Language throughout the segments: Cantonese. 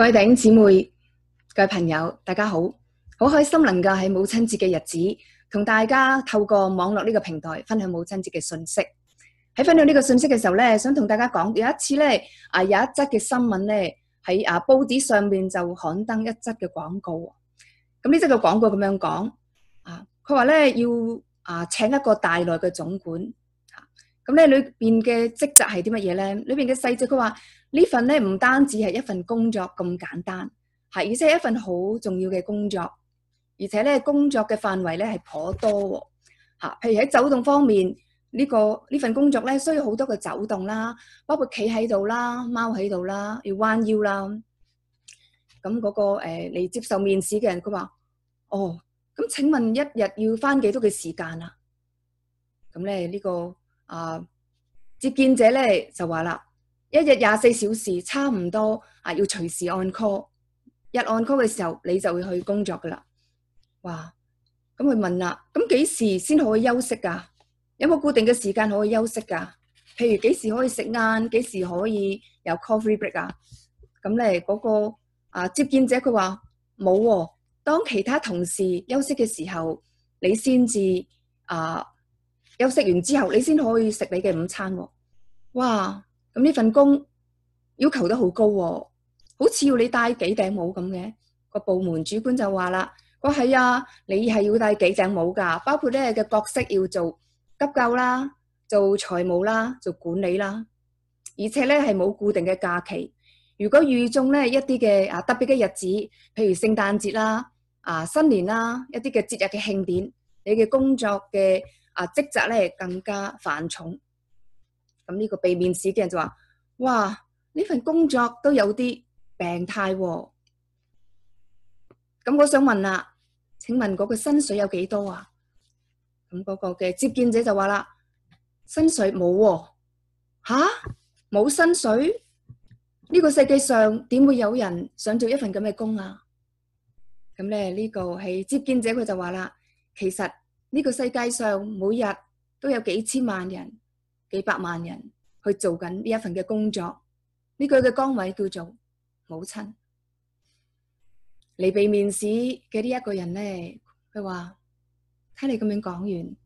各位弟兄姊妹，各位朋友，大家好，好開心能夠喺母親節嘅日子同大家透過網絡呢個平台分享母親節嘅信息。喺分享呢個信息嘅時候呢，想同大家講，有一次呢，啊有一則嘅新聞呢，喺啊報紙上面就刊登一則嘅廣告。咁呢則嘅廣告咁樣講啊，佢話呢要啊請一個大內嘅總管。咁咧，裏邊嘅職責係啲乜嘢咧？裏邊嘅細節，佢話呢份咧唔單止係一份工作咁簡單，係，而且係一份好重要嘅工作，而且咧工作嘅範圍咧係頗多喎，嚇。譬如喺走動方面，呢個呢份工作咧需要好多嘅走動啦，包括企喺度啦、踎喺度啦、要彎腰啦。咁嗰個誒嚟接受面試嘅人，佢話：哦，咁請問一日要返幾多嘅時間啊？咁咧呢個。啊！接見者咧就話啦，一日廿四小時差唔多啊，要隨時按 call。一按 call 嘅時候，你就會去工作噶啦。哇！咁佢問啦，咁幾時先可以休息啊？有冇固定嘅時間可以休息噶、啊？譬如幾時可以食晏，幾時可以有 coffee break 啊？咁咧嗰個啊接見者佢話冇。當其他同事休息嘅時候，你先至啊。休息完之後，你先可以食你嘅午餐喎。哇！咁呢份工要求得好高喎，好似要你戴幾頂帽咁嘅。個部門主管就話啦：，我係啊，你係要戴幾頂帽噶？包括咧嘅角色要做急救啦，做財務啦，做管理啦。而且咧係冇固定嘅假期。如果遇中咧一啲嘅啊特別嘅日子，譬如聖誕節啦、啊新年啦、一啲嘅節日嘅慶典，你嘅工作嘅。啊！職責咧更加繁重，咁、這、呢個被面試嘅人就話：，哇！呢份工作都有啲病態喎、啊。咁我想問啦、啊，請問嗰個薪水有幾多啊？咁嗰個嘅接見者就話啦：，薪水冇喎、啊，吓，冇薪水？呢、這個世界上點會有人想做一份咁嘅工啊？咁咧呢個係接見者佢就話啦，其實。呢個世界上每日都有幾千萬人、幾百萬人去做緊呢一份嘅工作。呢個嘅崗位叫做母親。嚟被面試嘅呢一個人咧，佢話：睇你咁樣講完，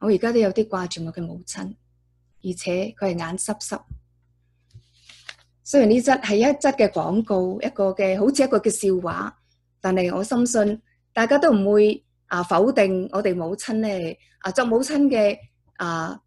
我而家都有啲掛住我嘅母親，而且佢係眼濕濕。雖然呢則係一則嘅廣告，一個嘅好似一個嘅笑話，但係我深信大家都唔會。啊！否定我哋母親咧，啊，作母親嘅啊，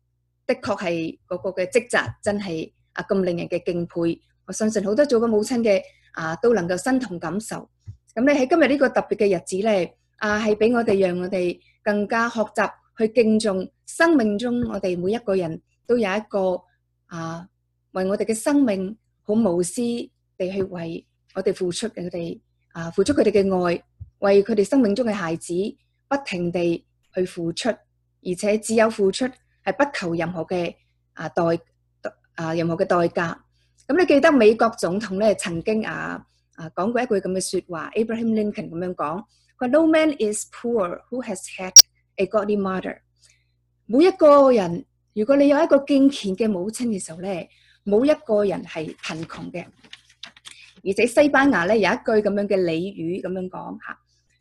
的確係嗰個嘅職責，真係啊咁令人嘅敬佩。我相信好多做嘅母親嘅啊，都能夠身同感受。咁咧喺今日呢個特別嘅日子咧，啊，係俾我哋讓我哋更加學習去敬重生命中我哋每一個人都有一個啊，為我哋嘅生命好無私地去為我哋付出嘅佢哋啊，付出佢哋嘅愛，為佢哋生命中嘅孩子。不停地去付出，而且只有付出係不求任何嘅啊代啊任何嘅代價。咁你記得美國總統咧曾經啊啊講過一句咁嘅說話，Abraham Lincoln 咁樣講，個 No man is poor who has had a godly mother。每一個人如果你有一個敬虔嘅母親嘅時候咧，冇一個人係貧窮嘅。而且西班牙咧有一句咁樣嘅俚語咁樣講吓。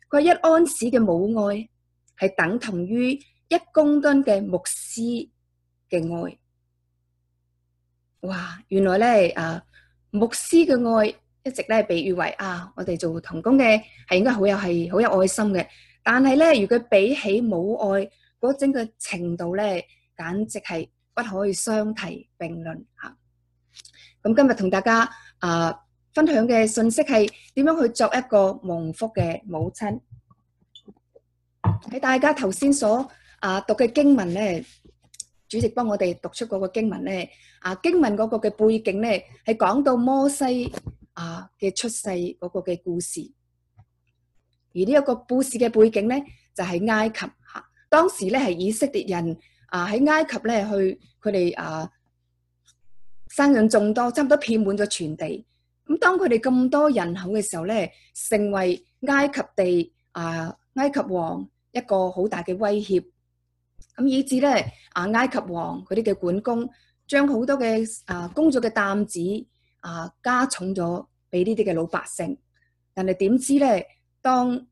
佢一安士嘅母愛係等同於一公噸嘅牧師嘅愛。哇！原來咧，誒，牧師嘅愛一直咧被譽為啊，我哋做同工嘅係應該好有係好有愛心嘅。但係咧，如果比起母愛嗰種嘅程度咧，簡直係不可以相提並論吓。咁今日同大家誒。分享嘅信息係點樣去作一個蒙福嘅母親？喺大家頭先所啊讀嘅經文咧，主席幫我哋讀出嗰個經文咧，啊經文嗰個嘅背景咧係講到摩西啊嘅出世嗰個嘅故事，而呢一個故事嘅背景咧就係埃及吓，當時咧係以色列人啊喺埃及咧去佢哋啊生養眾多，差唔多遍滿咗全地。咁當佢哋咁多人口嘅時候咧，成為埃及地啊埃及王一個好大嘅威脅，咁以至咧啊埃及王佢哋嘅管工將好多嘅啊工作嘅擔子啊加重咗俾呢啲嘅老百姓，但係點知咧，當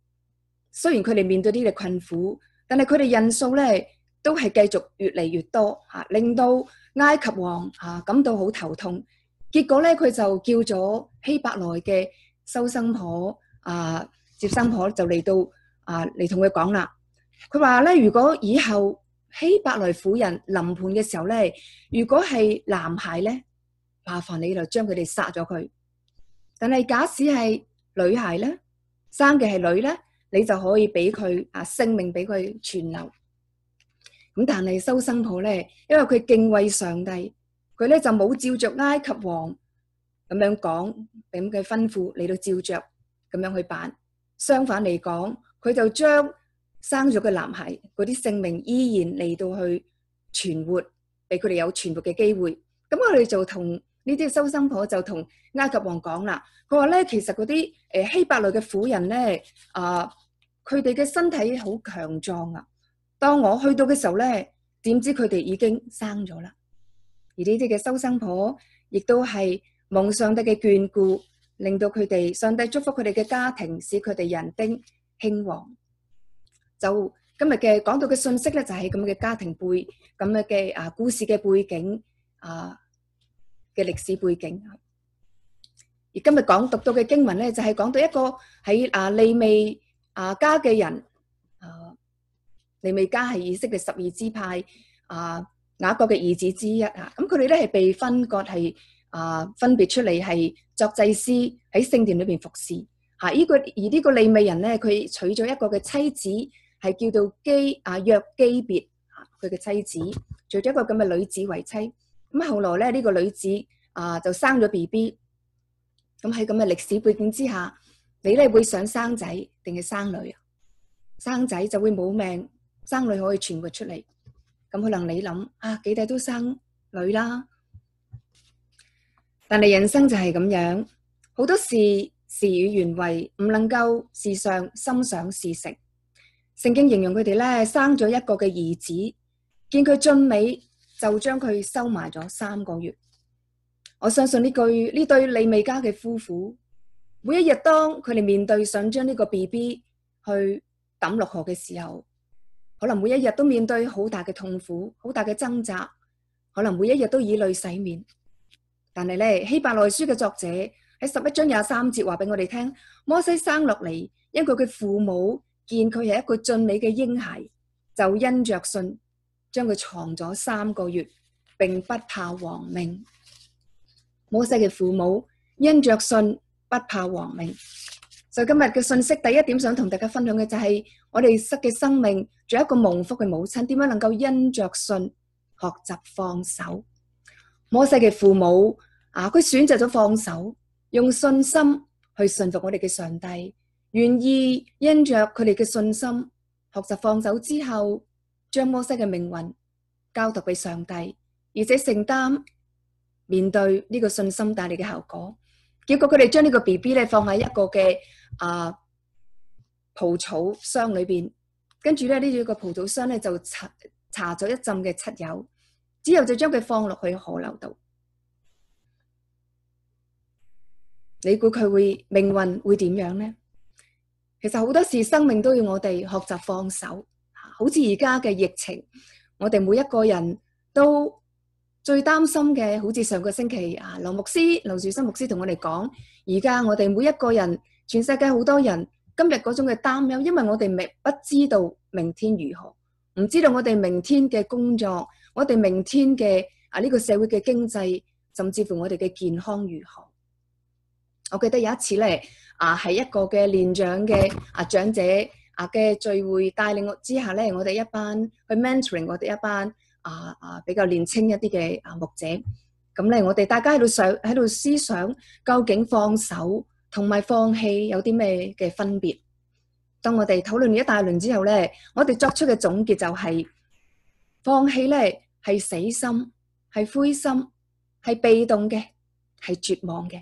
雖然佢哋面對呢啲嘅困苦，但係佢哋人數咧都係繼續越嚟越多啊，令到埃及王啊感到好頭痛。結果咧，佢就叫咗希伯來嘅收生婆啊，接生婆就嚟到啊嚟同佢講啦。佢話咧，如果以後希伯來婦人臨盆嘅時候咧，如果係男孩咧，麻煩你就將佢哋殺咗佢。但係假使係女孩咧，生嘅係女咧，你就可以俾佢啊性命俾佢存留。咁但係收生婆咧，因為佢敬畏上帝。佢咧就冇照著埃及王咁樣講，咁嘅吩咐嚟到照著咁樣去辦。相反嚟講，佢就將生咗嘅男孩嗰啲性命依然嚟到去存活，俾佢哋有存活嘅機會。咁我哋就同呢啲收生婆就同埃及王講啦。佢話咧，其實嗰啲誒希伯來嘅婦人咧，啊，佢哋嘅身體好強壯啊。當我去到嘅時候咧，點知佢哋已經生咗啦。而呢啲嘅收生婆，亦都係蒙上帝嘅眷顧，令到佢哋上帝祝福佢哋嘅家庭，使佢哋人丁興旺。就今日嘅講到嘅信息咧，就係咁嘅家庭背咁樣嘅啊故事嘅背景啊嘅歷史背景。而今日講讀到嘅經文咧，就係講到一個喺啊利未啊家嘅人啊，利未家係以色列十二支派啊。雅各嘅兒子之一嚇，咁佢哋咧係被分割係啊、呃，分別出嚟係作祭司喺聖殿裏邊服侍。嚇、啊。依個而呢個利未人咧，佢娶咗一個嘅妻子係叫做基，啊，約基別啊，佢嘅妻子做咗一個咁嘅女子為妻。咁、啊、後來咧，呢、呢個女子啊就生咗 B B。咁喺咁嘅歷史背景之下，你咧會想生仔定係生女？生仔就會冇命，生女可以傳活出嚟。咁可能你諗啊，幾弟都生女啦，但係人生就係咁樣，好多事事與願違，唔能夠事上心想事成。聖經形容佢哋咧生咗一個嘅兒子，見佢俊美，就將佢收埋咗三個月。我相信呢句呢對利未家嘅夫婦，每一日當佢哋面對想將呢個 B B 去抌落河嘅時候。可能每一日都面對好大嘅痛苦、好大嘅掙扎，可能每一日都以淚洗面。但係咧，《希伯來書》嘅作者喺十一章廿三節話俾我哋聽：摩西生落嚟，因佢嘅父母見佢係一個俊美嘅嬰孩，就因着信將佢藏咗三個月，並不怕王命。摩西嘅父母因着信不怕王命。就今日嘅信息，第一點想同大家分享嘅就係我哋失嘅生命，仲有一個蒙福嘅母親，點樣能夠因着信學習放手？摩西嘅父母啊，佢選擇咗放手，用信心去信服我哋嘅上帝，願意因着佢哋嘅信心學習放手之後，將摩西嘅命運交託俾上帝，而且承擔面對呢個信心帶嚟嘅效果。結果佢哋將呢個 B B 咧放喺一個嘅啊蒲草箱裏邊，跟住咧呢、呢個蒲草箱咧就搽搽咗一浸嘅漆油，之後就將佢放落去河流度。你估佢會命運會點樣咧？其實好多時生命都要我哋學習放手。吓，好似而家嘅疫情，我哋每一個人都。最擔心嘅，好似上個星期啊，劉牧師、劉樹森牧師同我哋講，而家我哋每一個人，全世界好多人，今日嗰種嘅擔憂，因為我哋明不知道明天如何，唔知道我哋明天嘅工作，我哋明天嘅啊呢個社會嘅經濟，甚至乎我哋嘅健康如何。我記得有一次咧，啊係一個嘅年長嘅啊長者啊嘅聚會，帶領我之下呢，我哋一班去 mentoring 我哋一班。啊啊，比較年輕一啲嘅啊牧者，咁咧我哋大家喺度想，喺度思想究竟放手同埋放棄有啲咩嘅分別？當我哋討論完一大輪之後咧，我哋作出嘅總結就係放棄咧係死心、係灰心、係被動嘅、係絕望嘅。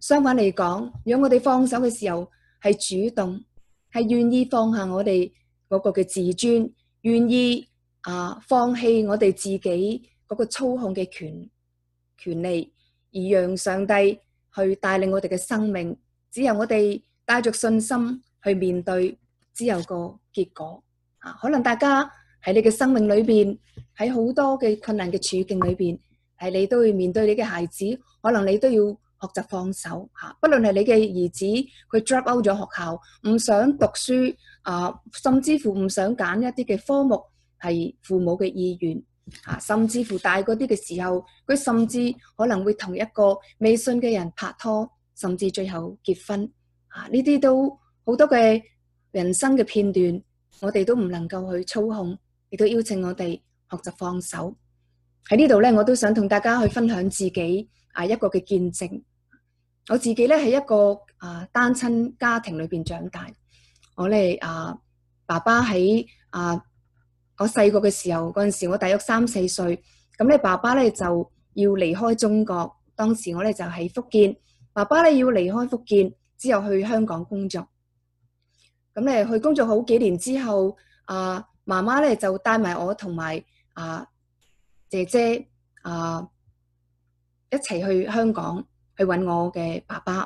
相反嚟講，如果我哋放手嘅時候係主動、係願意放下我哋嗰個嘅自尊，願意。啊！放棄我哋自己嗰個操控嘅權權利，而讓上帝去帶領我哋嘅生命，只有我哋帶着信心去面對，只有個結果啊！可能大家喺你嘅生命裏邊，喺好多嘅困難嘅處境裏邊，係你都要面對你嘅孩子，可能你都要學習放手嚇。不論係你嘅兒子佢 drop out 咗學校，唔想讀書啊，甚至乎唔想揀一啲嘅科目。係父母嘅意願，啊，甚至乎大嗰啲嘅時候，佢甚至可能會同一個未信嘅人拍拖，甚至最後結婚，啊，呢啲都好多嘅人生嘅片段，我哋都唔能夠去操控，亦都邀請我哋學習放手。喺呢度咧，我都想同大家去分享自己啊一個嘅見證。我自己咧喺一個啊單親家庭裏邊長大，我哋啊爸爸喺啊。我細個嘅時候，嗰陣時我大約三四歲，咁咧爸爸咧就要離開中國。當時我咧就喺福建，爸爸咧要離開福建之後去香港工作。咁咧去工作好幾年之後，啊媽媽咧就帶埋我同埋啊姐姐啊一齊去香港去搵我嘅爸爸。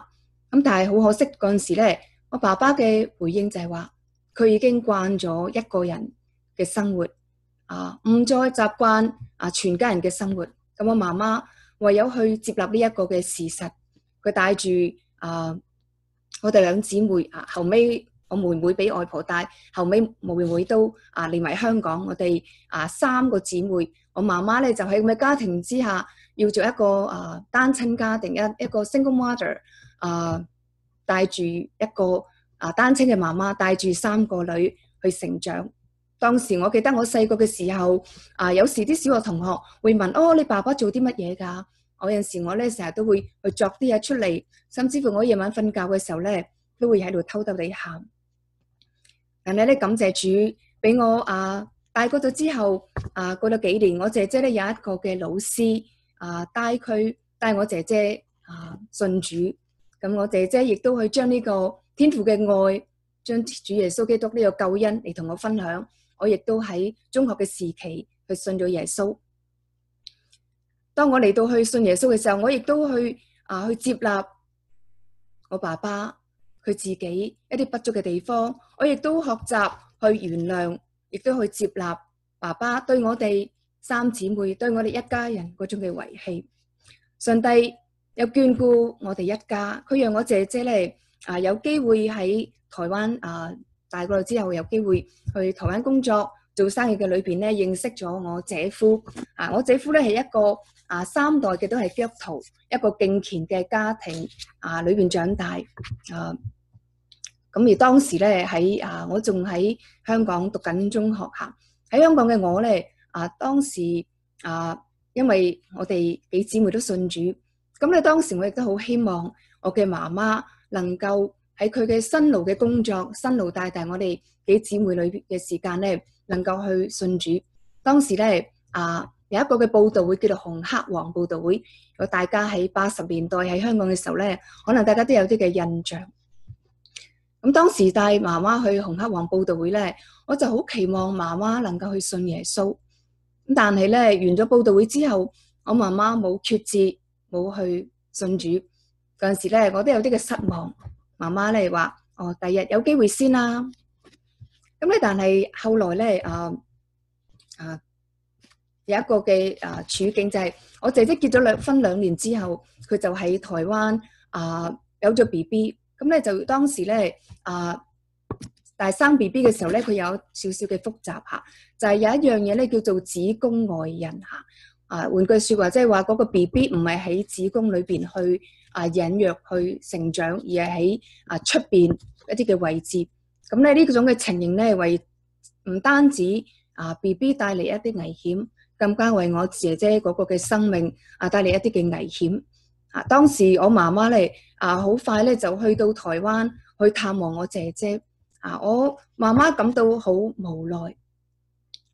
咁但係好可惜嗰陣時咧，我爸爸嘅回應就係話，佢已經慣咗一個人嘅生活啊，唔再習慣啊，全家人嘅生活。咁我媽媽唯有去接納呢一個嘅事實。佢帶住啊，我哋兩姊妹啊，後尾我妹妹俾外婆帶，後尾妹妹都啊，嚟埋香港。我哋啊，三個姊妹，我媽媽咧就喺咁嘅家庭之下，要做一個啊單親家庭，一一個 single mother 啊，帶住一個啊單親嘅媽媽，帶住三個女去成長。當時我記得我細個嘅時候，啊有時啲小學同學會問：哦，你爸爸做啲乜嘢㗎？我有陣時我咧成日都會去作啲嘢出嚟，甚至乎我夜晚瞓覺嘅時候咧，都會喺度偷偷地喊。但係咧感謝主俾我啊大個咗之後啊過咗幾年，我姐姐咧有一個嘅老師啊帶佢帶我姐姐啊信主，咁我姐姐亦都去將呢個天父嘅愛，將主耶穌基督呢個救恩嚟同我分享。我亦都喺中學嘅時期去信咗耶穌。當我嚟到去信耶穌嘅時候，我亦都去啊去接納我爸爸佢自己一啲不足嘅地方。我亦都學習去原諒，亦都去接納爸爸對我哋三姊妹，對我哋一家人嗰種嘅遺棄。上帝又眷顧我哋一家，佢讓我姐姐咧啊有機會喺台灣啊。大個咗之後，有機會去台灣工作、做生意嘅裏邊咧，認識咗我姐夫。啊，我姐夫咧係一個啊三代嘅都係基督徒，fielto, 一個敬虔嘅家庭啊裏邊長大。啊，咁而當時咧喺啊，我仲喺香港讀緊中學嚇。喺香港嘅我咧啊，當時啊，因為我哋幾姊妹都信主，咁咧當時我亦都好希望我嘅媽媽能夠，喺佢嘅辛勞嘅工作、辛勞帶大我哋幾姊妹裏邊嘅時間咧，能夠去信主。當時咧啊，有一個嘅佈道會叫做紅黑黃佈道會，如果大家喺八十年代喺香港嘅時候咧，可能大家都有啲嘅印象。咁當時帶媽媽去紅黑黃佈道會咧，我就好期望媽媽能夠去信耶穌。咁但係咧，完咗佈道會之後，我媽媽冇決志，冇去信主。嗰陣時咧，我都有啲嘅失望。媽媽咧話：哦，第日有機會先啦。咁咧，但係後來咧，啊啊，有一個嘅啊處境就係、是、我姐姐結咗兩婚兩年之後，佢就喺台灣啊有咗 B B。咁、嗯、咧就當時咧啊，但係生 B B 嘅時候咧，佢有少少嘅複雜嚇，就係、是、有一樣嘢咧叫做子宮外孕嚇。啊，換句説話說，即係話嗰個 B B 唔係喺子宮裏邊去。啊，隱約去成長，而係喺啊出邊一啲嘅位置。咁咧呢個種嘅情形咧，為唔單止啊 B B 帶嚟一啲危險，更加為我姐姐嗰個嘅生命啊帶嚟一啲嘅危險。啊，當時我媽媽咧啊，好快咧就去到台灣去探望我姐姐。啊，我媽媽感到好無奈。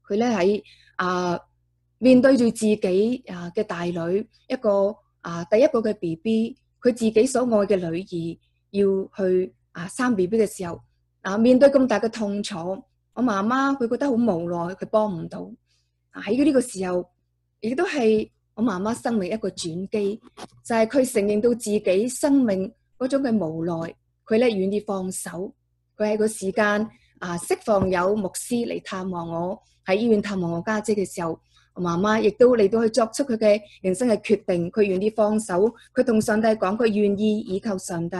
佢咧喺啊面對住自己啊嘅大女一個啊第一個嘅 B B。佢自己所愛嘅女兒要去啊生 B B 嘅時候，啊面對咁大嘅痛楚，我媽媽佢覺得好無奈，佢幫唔到。喺呢個時候，亦都係我媽媽生命一個轉機，就係、是、佢承認到自己生命嗰種嘅無奈，佢咧願意放手。佢喺個時間啊釋放，有牧師嚟，探望我，喺醫院探望我家姐嘅時候。媽媽亦都嚟到去作出佢嘅人生嘅決定，佢願意放手，佢同上帝講佢願意，以求上帝。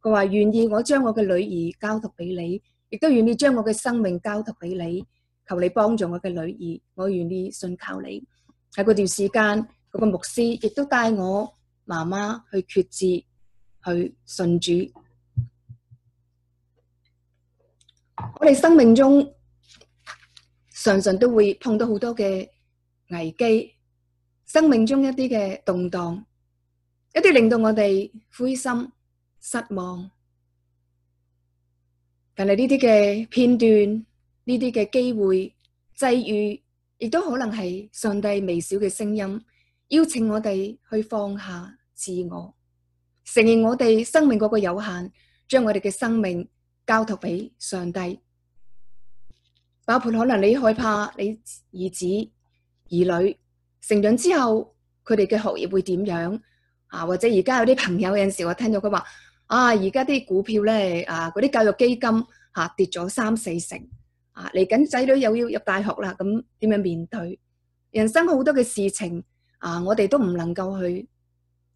佢話願意我將我嘅女兒交託畀你，亦都願意將我嘅生命交託畀你，求你幫助我嘅女兒，我願意信靠你。喺嗰段時間，嗰個牧師亦都帶我媽媽去決志，去信主。我哋生命中常常都會碰到好多嘅。危機，生命中一啲嘅動蕩，一啲令到我哋灰心失望。但係呢啲嘅片段，呢啲嘅機會，際遇，亦都可能係上帝微小嘅聲音，邀請我哋去放下自我，承認我哋生命嗰個有限，將我哋嘅生命交託畀上帝。包括可能你害怕你兒子。兒女成長之後，佢哋嘅學業會點樣啊？或者而家有啲朋友有陣時我聽到佢話啊，而家啲股票咧啊，嗰啲教育基金下、啊、跌咗三四成啊，嚟緊仔女又要入大學啦，咁點樣面對？人生好多嘅事情啊，我哋都唔能夠去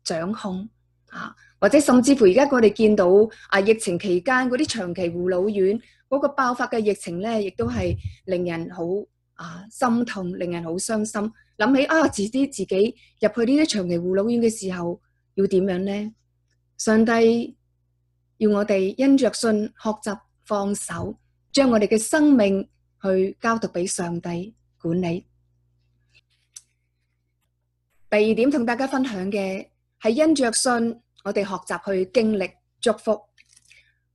掌控啊，或者甚至乎而家我哋見到啊，疫情期間嗰啲長期護老院嗰、嗰個爆發嘅疫情咧，亦都係令人好。啊，心痛令人好傷心，諗起啊，自己自己入去呢啲長期護老院嘅時候要點樣呢？上帝要我哋因着信學習放手，將我哋嘅生命去交託俾上帝管理。第二點同大家分享嘅係因着信，我哋學習去經歷祝福。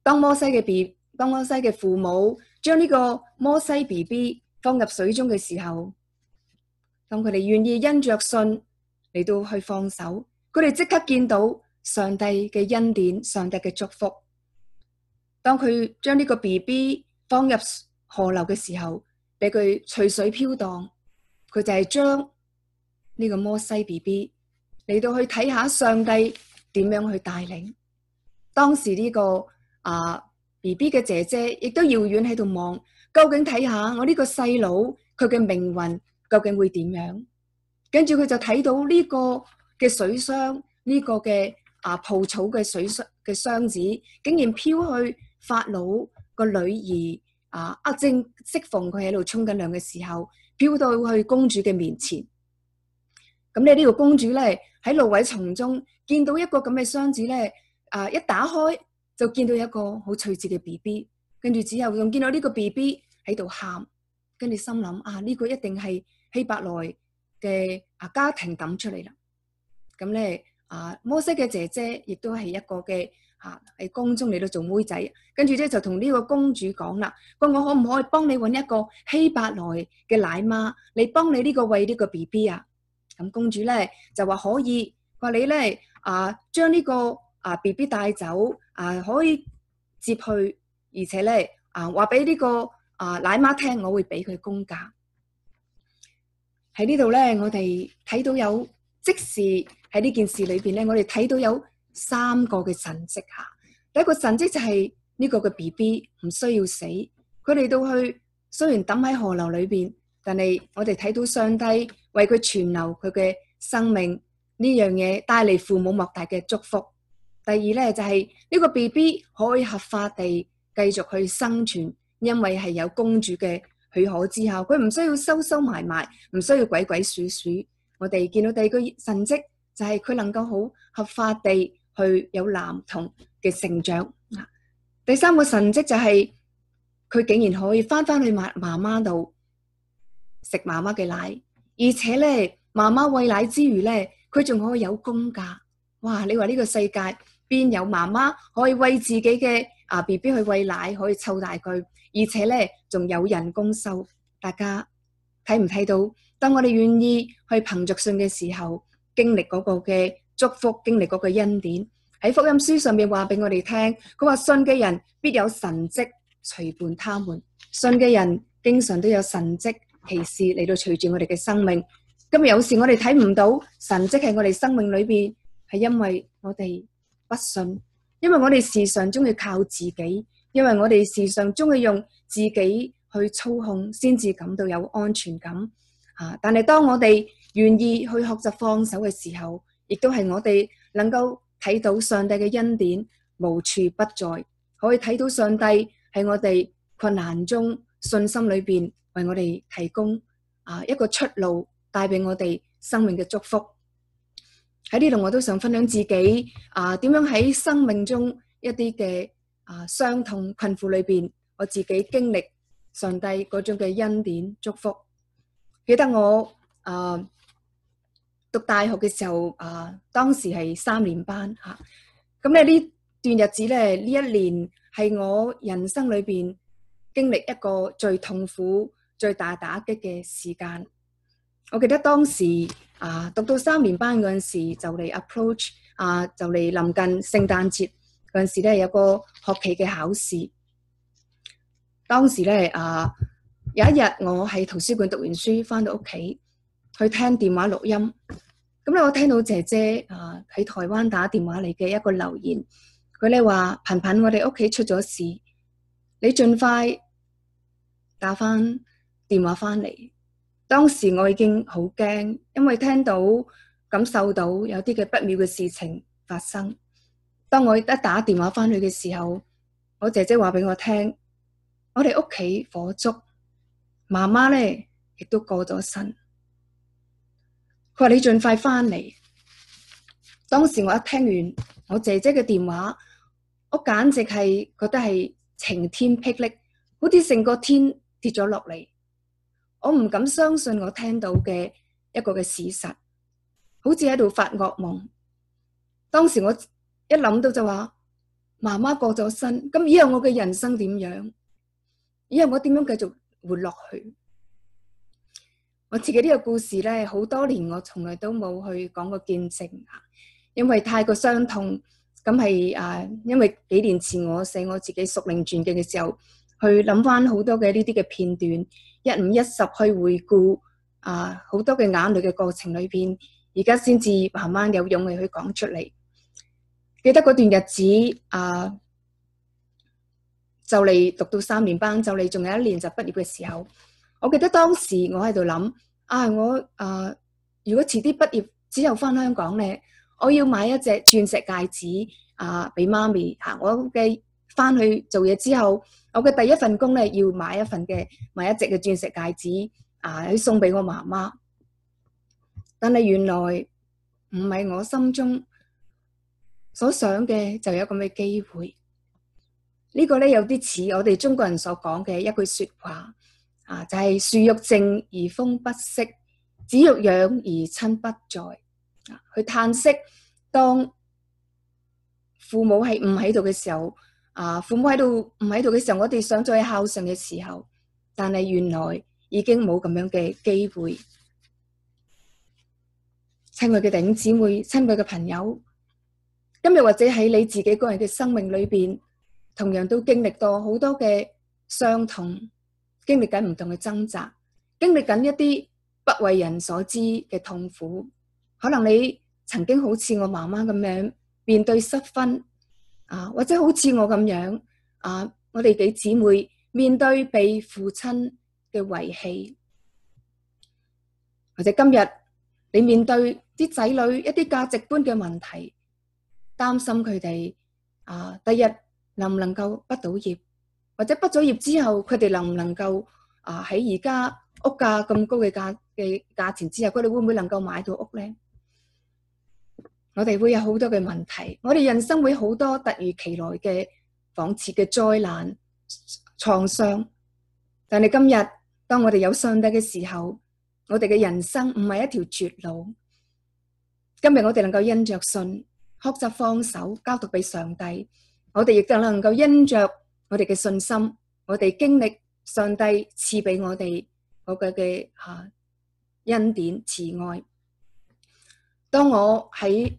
當摩西嘅 B，當摩西嘅父母將呢個摩西 BB。放入水中嘅時候，當佢哋願意因着信嚟到去放手，佢哋即刻見到上帝嘅恩典、上帝嘅祝福。當佢將呢個 B B 放入河流嘅時候，俾佢隨水飄蕩，佢就係將呢個摩西 B B 嚟到去睇下上帝點樣去帶領。當時呢個啊 B B 嘅姐姐亦都遙遠喺度望。究竟睇下我呢個細佬佢嘅命運究竟會點樣？跟住佢就睇到呢個嘅水箱，呢、這個嘅啊蒲草嘅水箱嘅箱子，竟然飄去法老個女兒啊阿、啊、正適逢佢喺度沖緊涼嘅時候，飄到去公主嘅面前。咁你呢個公主咧，喺蘆葦叢中見到一個咁嘅箱子咧，啊一打開就見到一個好趣緻嘅 B B。跟住之後仲見到呢個 B B 喺度喊，跟住心諗啊，呢個一定係希伯來嘅啊家庭揼出嚟啦。咁咧啊摩西嘅姐姐亦都係一個嘅嚇喺宮中嚟到做妹仔，跟住咧就同呢個公主講啦，話我可唔可以幫你揾一個希伯來嘅奶媽你幫你呢個餵呢個 B B 啊？咁公主咧就話可以，話你咧啊將呢個 BB 帶啊 B B 帶走啊，可以接去。而且咧，啊，話俾呢個啊奶媽聽，我會俾佢工價。喺呢度咧，我哋睇到有，即使喺呢件事裏邊咧，我哋睇到有三個嘅神跡嚇。第一個神跡就係呢個嘅 B B 唔需要死，佢嚟到去雖然抌喺河流裏邊，但係我哋睇到上帝為佢存留佢嘅生命呢樣嘢，帶嚟父母莫大嘅祝福。第二咧就係、是、呢個 B B 可以合法地，繼續去生存，因為係有公主嘅許可之後，佢唔需要收收埋埋，唔需要鬼鬼祟祟。我哋見到第二個神跡就係佢能夠好合法地去有男童嘅成長。第三個神跡就係、是、佢竟然可以翻翻去媽媽度食媽媽嘅奶，而且咧媽媽餵奶之餘咧，佢仲可以有公價。哇！你話呢個世界？邊有媽媽可以為自己嘅啊 B B 去餵奶，可以湊大佢，而且呢仲有人工收。大家睇唔睇到？當我哋願意去憑着信嘅時候，經歷嗰個嘅祝福，經歷嗰個恩典，喺福音書上面話俾我哋聽，佢話信嘅人必有神蹟隨伴他們。信嘅人經常都有神蹟奇事嚟到隨住我哋嘅生命。今日有時我哋睇唔到神蹟喺我哋生命裏邊，係因為我哋。不信，因為我哋時常中意靠自己，因為我哋時常中意用自己去操控，先至感到有安全感。啊！但係當我哋願意去學習放手嘅時候，亦都係我哋能夠睇到上帝嘅恩典無處不在，可以睇到上帝喺我哋困難中信心裏邊為我哋提供啊一個出路，帶俾我哋生命嘅祝福。喺呢度我都想分享自己啊，點樣喺生命中一啲嘅啊傷痛困苦裏邊，我自己經歷上帝嗰種嘅恩典祝福。記得我啊讀大學嘅時候啊，當時係三年班吓，咁咧呢段日子咧，呢一年係我人生裏邊經歷一個最痛苦、最大打擊嘅時間。我記得當時啊，讀到三年班嗰陣時就嚟 approach 啊，就嚟臨近聖誕節嗰陣時咧，有個學期嘅考試。當時咧啊，有一日我喺圖書館讀完書，翻到屋企去聽電話錄音。咁咧，我聽到姐姐啊喺台灣打電話嚟嘅一個留言，佢咧話：頻頻，我哋屋企出咗事，你盡快打翻電話翻嚟。當時我已經好驚，因為聽到感受到有啲嘅不妙嘅事情發生。當我一打電話返去嘅時候，我姐姐話畀我聽，我哋屋企火燭，媽媽咧亦都過咗身。佢話你盡快翻嚟。當時我一聽完我姐姐嘅電話，我簡直係覺得係晴天霹靂，好似成個天跌咗落嚟。我唔敢相信我聽到嘅一個嘅事實，好似喺度發噩夢。當時我一諗到就話：媽媽過咗身，咁以後我嘅人生點樣？以後我點樣繼續活落去？我自己呢個故事咧，好多年我從來都冇去講過見證啊，因為太過傷痛。咁係啊，因為幾年前我寫我自己《熟齡傳記》嘅時候，去諗翻好多嘅呢啲嘅片段。一五一十去回顧啊，好多嘅眼淚嘅過程裏邊，而家先至慢慢有勇氣去講出嚟。記得嗰段日子啊，就嚟讀到三年班，就嚟仲有一年就畢業嘅時候，我記得當時我喺度諗啊，我啊，如果遲啲畢業之後翻香港咧，我要買一隻鑽石戒指啊俾媽咪吓，我嘅翻去做嘢之後。我嘅第一份工咧，要買一份嘅，買一隻嘅鑽石戒指，啊，去送俾我媽媽。但係原來唔係我心中所想嘅，就有咁嘅機會。呢個咧有啲似我哋中國人所講嘅一句說話，啊，就係樹欲靜而風不息，子欲養而親不在。去嘆息，當父母係唔喺度嘅時候。啊！父母喺度唔喺度嘅時候，我哋想再孝順嘅時候，但係原來已經冇咁樣嘅機會。親愛嘅弟兄姊妹，親愛嘅朋友，今日或者喺你自己個人嘅生命裏邊，同樣都經歷到好多嘅傷痛，經歷緊唔同嘅掙扎，經歷緊一啲不為人所知嘅痛苦。可能你曾經好似我媽媽咁樣面對失婚。啊，或者好似我咁樣啊，我哋幾姊妹面對被父親嘅遺棄，或者今日你面對啲仔女一啲價值觀嘅問題，擔心佢哋啊，第日能唔能夠畢到業，或者畢咗業之後，佢哋能唔能夠啊喺而家屋價咁高嘅價嘅價錢之下，佢哋會唔會能夠買到屋呢？我哋會有好多嘅問題，我哋人生會好多突如其來嘅仿似嘅災難創傷。但係今日，當我哋有上帝嘅時候，我哋嘅人生唔係一條絕路。今日我哋能夠因着信，學習放手，交託俾上帝。我哋亦都能夠因着我哋嘅信心，我哋經歷上帝賜俾我哋我嘅嘅吓恩典慈愛。當我喺。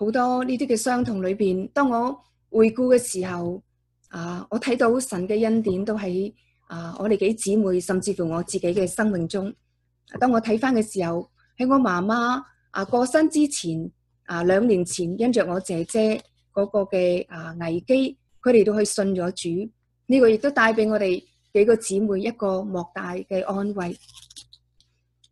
好多呢啲嘅傷痛裏邊，當我回顧嘅時候，啊，我睇到神嘅恩典都喺啊，我哋幾姊妹甚至乎我自己嘅生命中。當我睇翻嘅時候，喺我媽媽啊過身之前啊兩年前，因着我姐姐嗰個嘅啊危機，佢哋都去信咗主。呢個亦都帶俾我哋幾個姊妹一個莫大嘅安慰。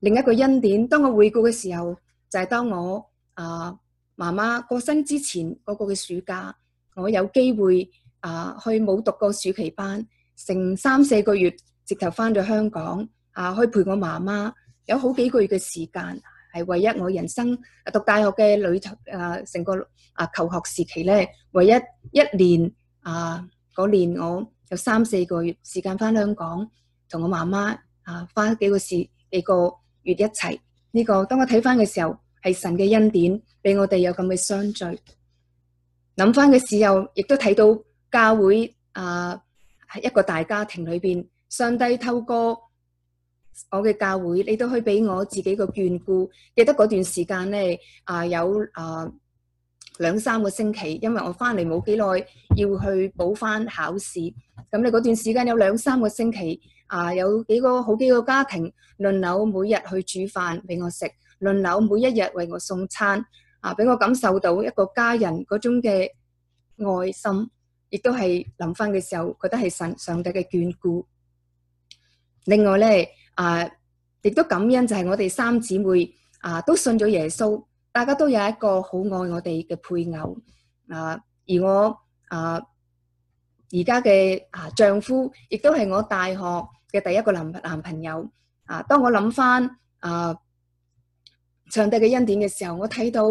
另一個恩典，當我回顧嘅時候，就係當我啊。媽媽過身之前嗰個嘅暑假，我有機會啊去冇讀過暑期班，成三四個月直頭翻咗香港啊去陪我媽媽，有好幾個月嘅時間係唯一我人生讀大學嘅旅程啊，成個啊求學時期咧，唯一一年啊嗰年我有三四個月時間翻香港同我媽媽啊翻幾個事幾個月一齊呢個，當我睇翻嘅時候。係神嘅恩典，俾我哋有咁嘅相聚。諗翻嘅時候，亦都睇到教會啊，喺一個大家庭裏邊。上帝透過我嘅教會，你都可以俾我自己嘅眷顧。記得嗰段時間咧，啊有啊兩三個星期，因為我翻嚟冇幾耐，要去補翻考試。咁你嗰段時間有兩三個星期，啊有幾個好幾個家庭輪流每日去煮飯俾我食。輪流每一日為我送餐，啊，俾我感受到一個家人嗰種嘅愛心，亦都係諗翻嘅時候覺得係神上帝嘅眷顧。另外咧啊，亦都感恩就係我哋三姊妹啊都信咗耶穌，大家都有一個好愛我哋嘅配偶啊，而我啊而家嘅啊丈夫亦都係我大學嘅第一個男男朋友啊。當我諗翻啊。上帝嘅恩典嘅時候，我睇到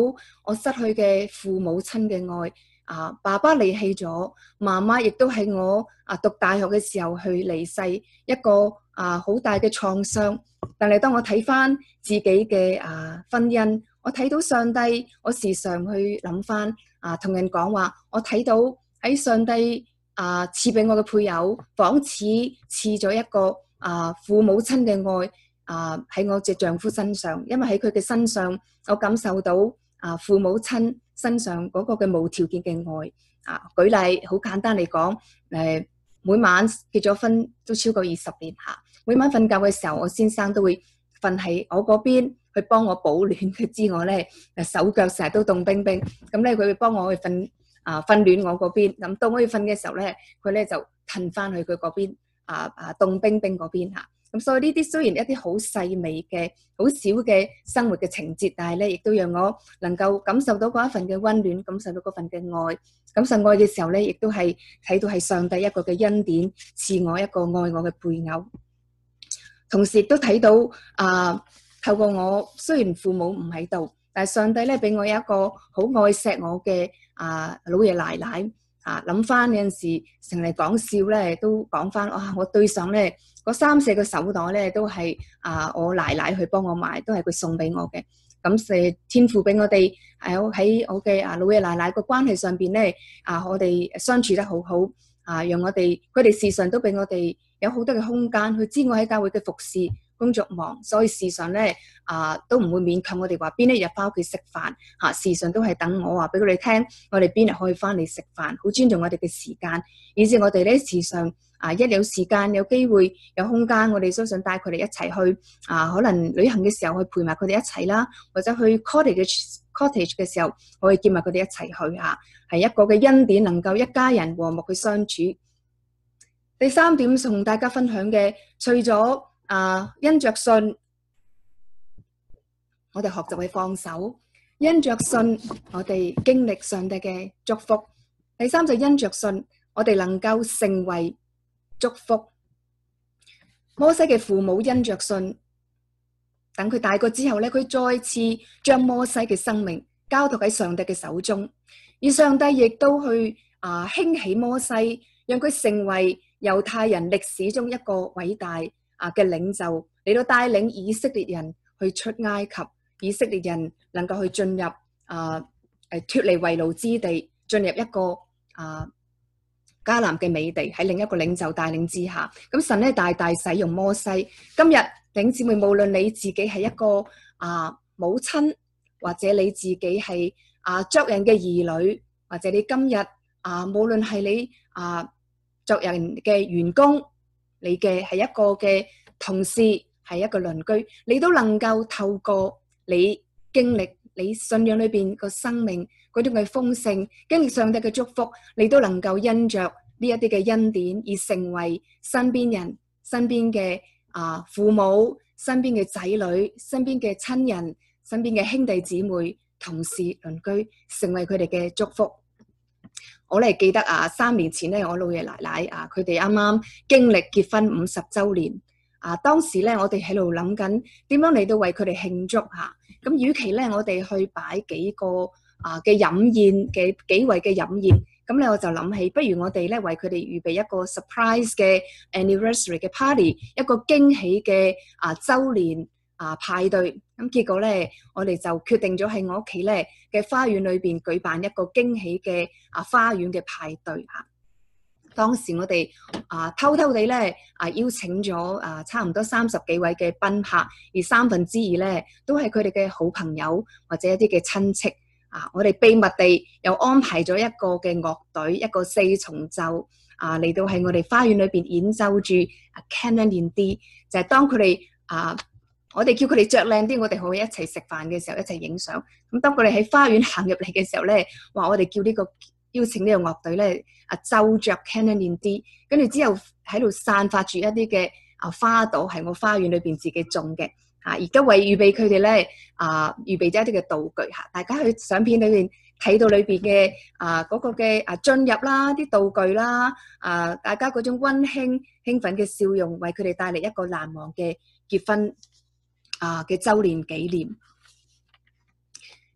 我失去嘅父母親嘅愛，啊爸爸離棄咗，媽媽亦都係我啊讀大學嘅時候去離世，一個啊好大嘅創傷。但係當我睇返自己嘅啊婚姻，我睇到上帝，我時常去諗返啊同人講話，我睇到喺上帝啊賜畀我嘅配偶，仿似賜咗一個啊父母親嘅愛。啊！喺我隻丈夫身上，因為喺佢嘅身上，我感受到啊父母親身上嗰個嘅無條件嘅愛。啊，舉例好簡單嚟講，誒每晚結咗婚都超過二十年嚇，每晚瞓覺嘅時候，我先生都會瞓喺我嗰邊去幫我保暖。佢知我咧手腳成日都凍冰冰，咁咧佢會幫我去瞓啊瞓暖我嗰邊。咁到我要瞓嘅時候咧，佢咧就褪返去佢嗰邊啊啊凍冰冰嗰邊嚇。所以呢啲雖然一啲好細微嘅、好少嘅生活嘅情節，但係咧，亦都讓我能夠感受到嗰一份嘅溫暖，感受到嗰份嘅愛。感受愛嘅時候咧，亦都係睇到係上帝一個嘅恩典，賜我一個愛我嘅配偶。同時亦都睇到啊，透過我雖然父母唔喺度，但係上帝咧俾我一個好愛錫我嘅啊老爺奶奶啊。諗翻嗰陣時，成日講笑咧，都講翻啊，我對上咧。嗰三、四個手袋咧，都係啊、呃，我奶奶去幫我買，都係佢送俾我嘅。咁、嗯、誒，天父俾我哋喺、哎、我嘅啊老爺奶奶個關係上邊咧，啊，我哋相處得好好啊，讓我哋佢哋時常都俾我哋有好多嘅空間。佢知道我喺教會嘅服侍、工作忙，所以時常咧啊，都唔會勉強我哋話邊一日翻屋企食飯嚇。時常都係等我話俾佢哋聽，我哋邊日可以翻嚟食飯，好尊重我哋嘅時間，以至我哋咧時常。啊！一有時間、有機會、有空間，我哋都想帶佢哋一齊去啊！可能旅行嘅時候去陪埋佢哋一齊啦，或者去 cottage 嘅 cottage 嘅時候，我哋叫埋佢哋一齊去啊！係一個嘅恩典，能夠一家人和睦去相處。第三點，同大家分享嘅，除咗啊因著信，我哋學習會放手；因著信，我哋經歷上帝嘅祝福；第三就因著信，我哋能夠成為。祝福摩西嘅父母因着信，等佢大個之後咧，佢再次將摩西嘅生命交託喺上帝嘅手中，而上帝亦都去啊興起摩西，讓佢成為猶太人歷史中一個偉大啊嘅領袖，嚟到帶領以色列人去出埃及，以色列人能夠去進入啊誒脫離為奴之地，進入一個啊。迦南嘅美地，喺另一個領袖帶領之下，咁神咧大大使用摩西。今日領姊妹，無論你自己係一個啊母親，或者你自己係啊作人嘅兒女，或者你今日啊無論係你啊作人嘅員工，你嘅係一個嘅同事，係一個鄰居，你都能夠透過你經歷你信仰裏邊個生命。嗰種嘅豐盛，經歷上帝嘅祝福，你都能夠因着呢一啲嘅恩典，而成為身邊人、身邊嘅啊父母、身邊嘅仔女、身邊嘅親人、身邊嘅兄弟姊妹、同事、鄰居，成為佢哋嘅祝福。我咧記得啊，三年前咧，我老爺奶奶啊，佢哋啱啱經歷結婚五十周年啊，當時咧，我哋喺度諗緊點樣嚟到為佢哋慶祝吓。咁，啊，與其咧，我哋去擺幾個。啊嘅飲宴嘅幾位嘅飲宴，咁咧我就諗起，不如我哋咧為佢哋預備一個 surprise 嘅 anniversary 嘅 party，一個驚喜嘅啊週年啊派對。咁結果咧，我哋就決定咗喺我屋企咧嘅花園裏邊舉辦一個驚喜嘅啊花園嘅派對啊。當時我哋啊偷偷地咧啊邀請咗啊差唔多三十幾位嘅賓客，而三分之二咧都係佢哋嘅好朋友或者一啲嘅親戚。啊！我哋秘密地又安排咗一個嘅樂隊，一個四重奏啊，嚟到係我哋花園裏邊演奏住《Canon in D》。就係當佢哋啊，我哋叫佢哋着靚啲，我哋可以一齊食飯嘅時候一齊影相。咁、啊、當佢哋喺花園行入嚟嘅時候咧，話、啊、我哋叫呢、呢個邀請個樂隊呢個樂隊咧啊，奏著《Canon in D》。跟住之後喺度散發住一啲嘅啊花朵，係我花園裏邊自己種嘅。啊！而家為預備佢哋咧，啊預備咗一啲嘅道具嚇，大家去相片裏面睇到裏邊嘅啊嗰個嘅啊進入啦，啲道具啦，啊、呃、大家嗰種溫馨興奮嘅笑容，為佢哋帶嚟一個難忘嘅結婚啊嘅、呃、周年紀念。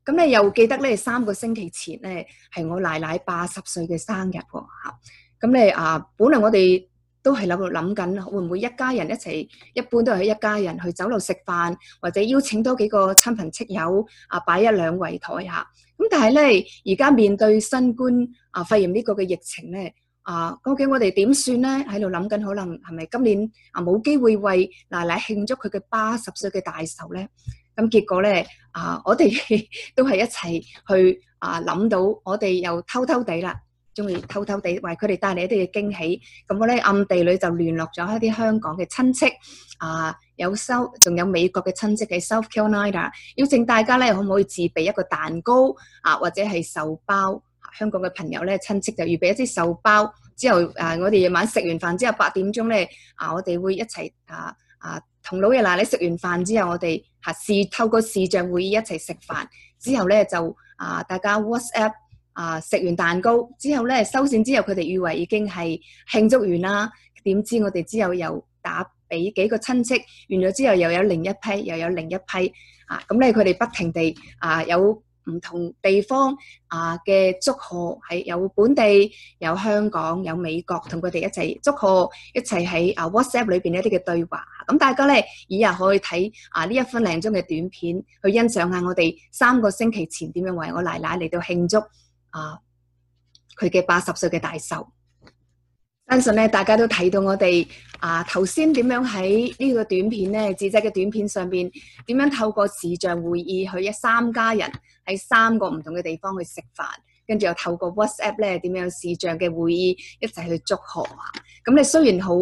咁咧又記得咧三個星期前咧係我奶奶八十歲嘅生日喎嚇。咁咧啊，本嚟我哋。都係諗落諗緊，會唔會一家人一齊？一般都係一家人去酒樓食飯，或者邀請多幾個親朋戚友啊，擺一兩圍枱吓。咁但係咧，而家面對新冠啊肺炎呢個嘅疫情咧，啊究竟我哋點算咧？喺度諗緊，可能係咪今年啊冇機會為奶奶慶祝佢嘅八十歲嘅大壽咧？咁、嗯、結果咧啊，我哋都係一齊去啊諗到，我哋又偷偷地啦。中意偷偷地為佢哋帶嚟一啲嘅驚喜，咁我咧暗地裏就聯絡咗一啲香港嘅親戚，啊有收，仲有美國嘅親戚嘅 South Carolina，邀請大家咧可唔可以自備一個蛋糕啊，或者係壽包、啊？香港嘅朋友咧親戚就預備一支壽包，之後誒、啊、我哋夜晚食完飯之後八點鐘咧，啊我哋會一齊啊啊同老爺奶奶食完飯之後，我哋嚇試透過視像會議一齊食飯，之後咧就啊大家 WhatsApp。啊！食完蛋糕之後咧，收線之後，佢哋以為已經係慶祝完啦。點知我哋之後又打俾幾個親戚，完咗之後又有另一批，又有另一批。啊！咁咧，佢哋不停地啊，有唔同地方啊嘅祝賀，係有本地、有香港、有美國，同佢哋一齊祝賀，一齊喺啊 WhatsApp 裏邊一啲嘅對話。咁大家咧，以後可以睇啊呢一分零鐘嘅短片，去欣賞下我哋三個星期前點樣為我奶奶嚟到慶祝。啊！佢嘅八十歲嘅大壽，相信咧大家都睇到我哋啊頭先點樣喺呢個短片咧自製嘅短片上邊，點樣透過視像會議去一三家人喺三個唔同嘅地方去食飯，跟住又透過 WhatsApp 咧點樣視像嘅會議一齊去祝賀啊！咁你雖然好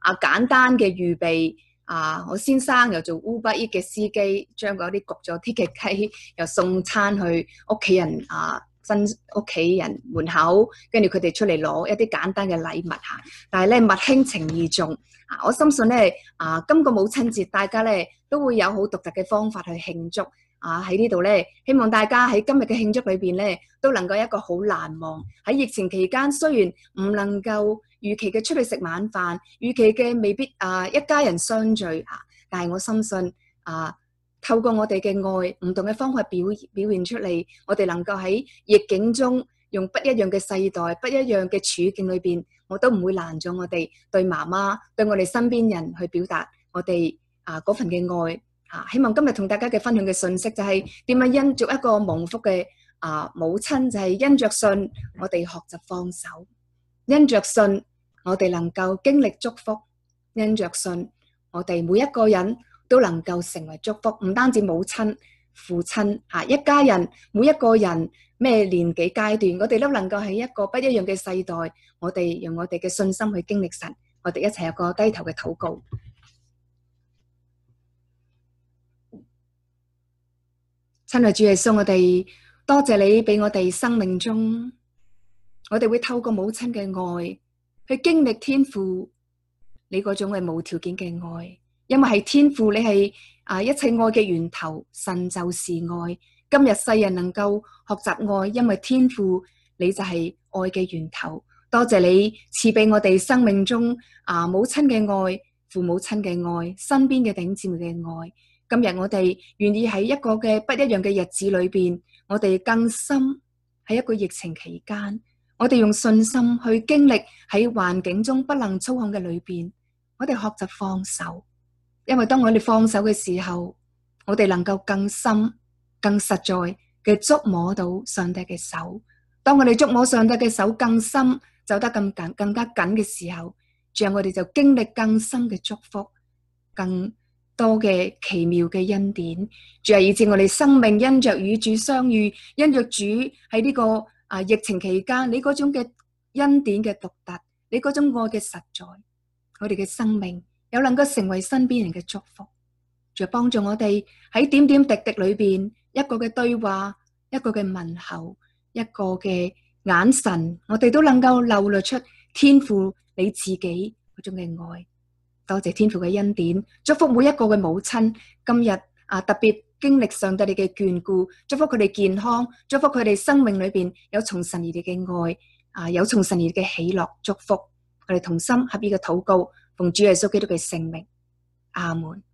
啊簡單嘅預備啊，我先生又做 Uber Eat 嘅司機，將嗰啲焗咗天嘅雞又送餐去屋企人啊。新屋企人門口，跟住佢哋出嚟攞一啲簡單嘅禮物吓。但係咧物輕情意重，啊！我深信咧啊，今個母親節大家咧都會有好獨特嘅方法去慶祝啊！喺呢度咧，希望大家喺今日嘅慶祝裏邊咧，都能夠一個好難忘喺疫情期間，雖然唔能夠預期嘅出嚟食晚飯，預期嘅未必啊一家人相聚吓，但係我深信啊。透過我哋嘅愛，唔同嘅方法表表現出嚟，我哋能夠喺逆境中，用不一樣嘅世代、不一樣嘅處境裏邊，我都唔會難咗。我哋對媽媽，對我哋身邊人去表達我哋啊嗰份嘅愛。啊，希望今日同大家嘅分享嘅信息就係點樣因着一個蒙福嘅啊母親，就係因着信我哋學習放手，因着信我哋能夠經歷祝福，因着信我哋每一個人，都能夠成為祝福，唔單止母親、父親吓，一家人，每一個人咩年紀階段，我哋都能夠喺一個不一樣嘅世代，我哋用我哋嘅信心去經歷神，我哋一齊有個低頭嘅禱告。親愛主耶穌，我哋多謝你俾我哋生命中，我哋會透過母親嘅愛去經歷天父你嗰種係無條件嘅愛。因為係天父，你係啊一切愛嘅源頭，神就是愛。今日世人能夠學習愛，因為天父你就係愛嘅源頭。多謝你賜俾我哋生命中啊母親嘅愛、父母親嘅愛、身邊嘅頂尖嘅愛。今日我哋願意喺一個嘅不一樣嘅日子裏邊，我哋更深喺一個疫情期間，我哋用信心去經歷喺環境中不能操控嘅裏邊，我哋學習放手。因為當我哋放手嘅時候，我哋能夠更深、更實在嘅觸摸到上帝嘅手。當我哋觸摸上帝嘅手更深、走得更緊、更加緊嘅時候，仲有我哋就經歷更深嘅祝福、更多嘅奇妙嘅恩典。仲有以致我哋生命因着與主相遇，因着主喺呢個啊疫情期間，你嗰種嘅恩典嘅獨特，你嗰種愛嘅實在，我哋嘅生命。有能夠成為身邊人嘅祝福，就幫助我哋喺點點滴滴裏邊，一個嘅對話，一個嘅問候，一個嘅眼神，我哋都能夠流露出天父你自己嗰種嘅愛。多謝天父嘅恩典，祝福每一個嘅母親，今日啊特別經歷上帝你嘅眷顧，祝福佢哋健康，祝福佢哋生命裏邊有從神而嚟嘅愛啊，有從神而嚟嘅喜樂。祝福我哋同心合意嘅禱告。奉主耶穌基督嘅聖名，阿門。